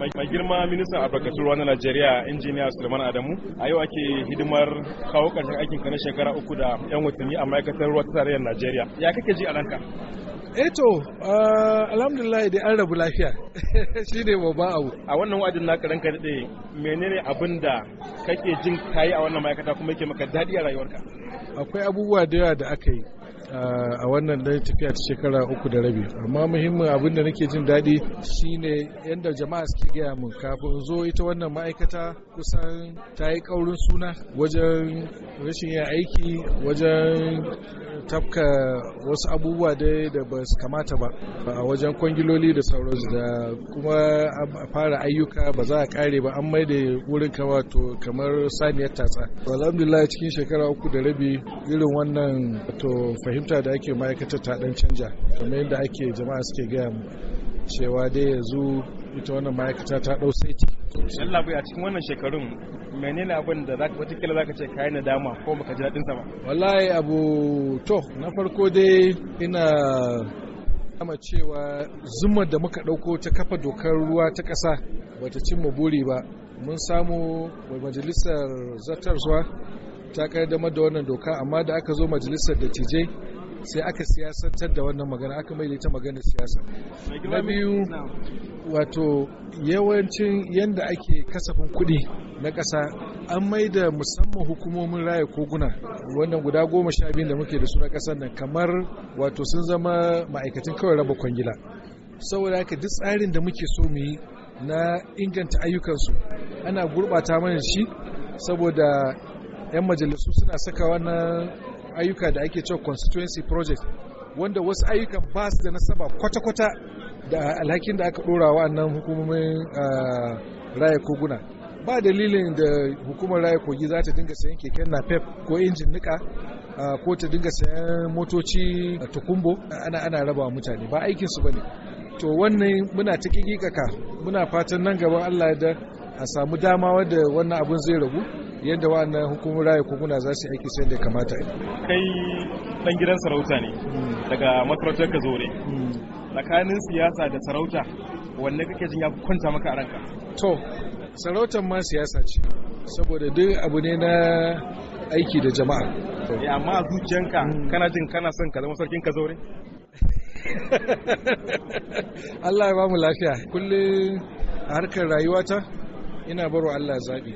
Mai girma ministan albarkatun ruwa na Najeriya injiniya Suleiman Adamu a yau ake hidimar kawo ƙarshen aikin na shekara uku da 'yan watanni a ma'aikatar ruwa ta tarayyar Najeriya. Ya kake ji a ranka? eto eh ah, alhamdulillah idan an rabu lafiya shi ne babban abu a wannan wa'adin naka ranka daɗe menene abin da kake jin kayi a wannan ma'aikata kuma yake maka daɗi a rayuwarka akwai abubuwa da yawa da aka yi a wannan dai tafiya ta shekara uku da rabi amma muhimmin abin da nake jin daɗi shine yadda jama'a suke gaya mun kafin zo ita wannan ma'aikata kusan ta yi ƙaurin suna wajen rashin yin aiki wajen tafka wasu abubuwa dai da ba su kamata ba a wajen kwangiloli da sauransu da kuma a fara ayyuka ba za a kare ba an mai da wurin kawa to kamar saniyar tatsa alhamdulillah cikin shekara uku da rabi irin wannan to fahimta da ake ma'aikatar ta dan canja kamar yadda ake jama'a suke gaya cewa dai yanzu ita wannan ma'aikata ta ɗau saiti. Allah bai a cikin wannan shekarun menene abin da zaka watakila zaka ce kayan dama, ko baka ji daɗin sa ba. Wallahi abu to na farko dai ina kama cewa zuma da muka ɗauko ta kafa dokar ruwa ta ƙasa bata mu buri ba mun samu majalisar zartarsuwa ta kaddamar da wannan doka amma da aka zo majalisar da dattijai sai aka siyasantar da wannan magana aka mai ta magana siyasa na biyu wato yawancin yadda ake kasafin kuɗi na ƙasa an mai da musamman hukumomin raya koguna wannan guda goma sha biyu da muke da suna na ƙasar nan kamar wato sun zama ma'aikatan kawai raba kwangila saboda haka duk tsarin da muke so mu yi na inganta ayyukansu ana gurbata mana shi saboda 'yan majalisu suna saka wannan ayyuka da ake cewa constituency project wanda wasu ayyukan ba su da nasaba kwata-kwata da alhakin da aka ɗora wa'annan hukumomin ah, raya koguna ba dalilin da hukumar raya kogi za ta dinga sayan keken na napep ko injin nika ah, ko ta dinga sayan motoci tukumbo ana ana raba mutane ba aikinsu ba ne to wannan muna ta kikikaka muna fatan nan gaban allah da a samu dama wadda wannan abun zai ragu yadda wannan hukumar raya koguna za su aiki sai da kamata kai dan gidan sarauta ne hmm. daga masarautar ka zore hmm. tsakanin siyasa da sarauta wanne kake jin ya kwanta maka a ranka to sarautar ma siyasa ce saboda duk abu ne na aiki da jama'a eh, amma a zuciyanka hmm. kana jin kana son ka zama sarkin ka zaure Allah ya ba mu lafiya kullum a harkar rayuwata ina baro Allah zaɓi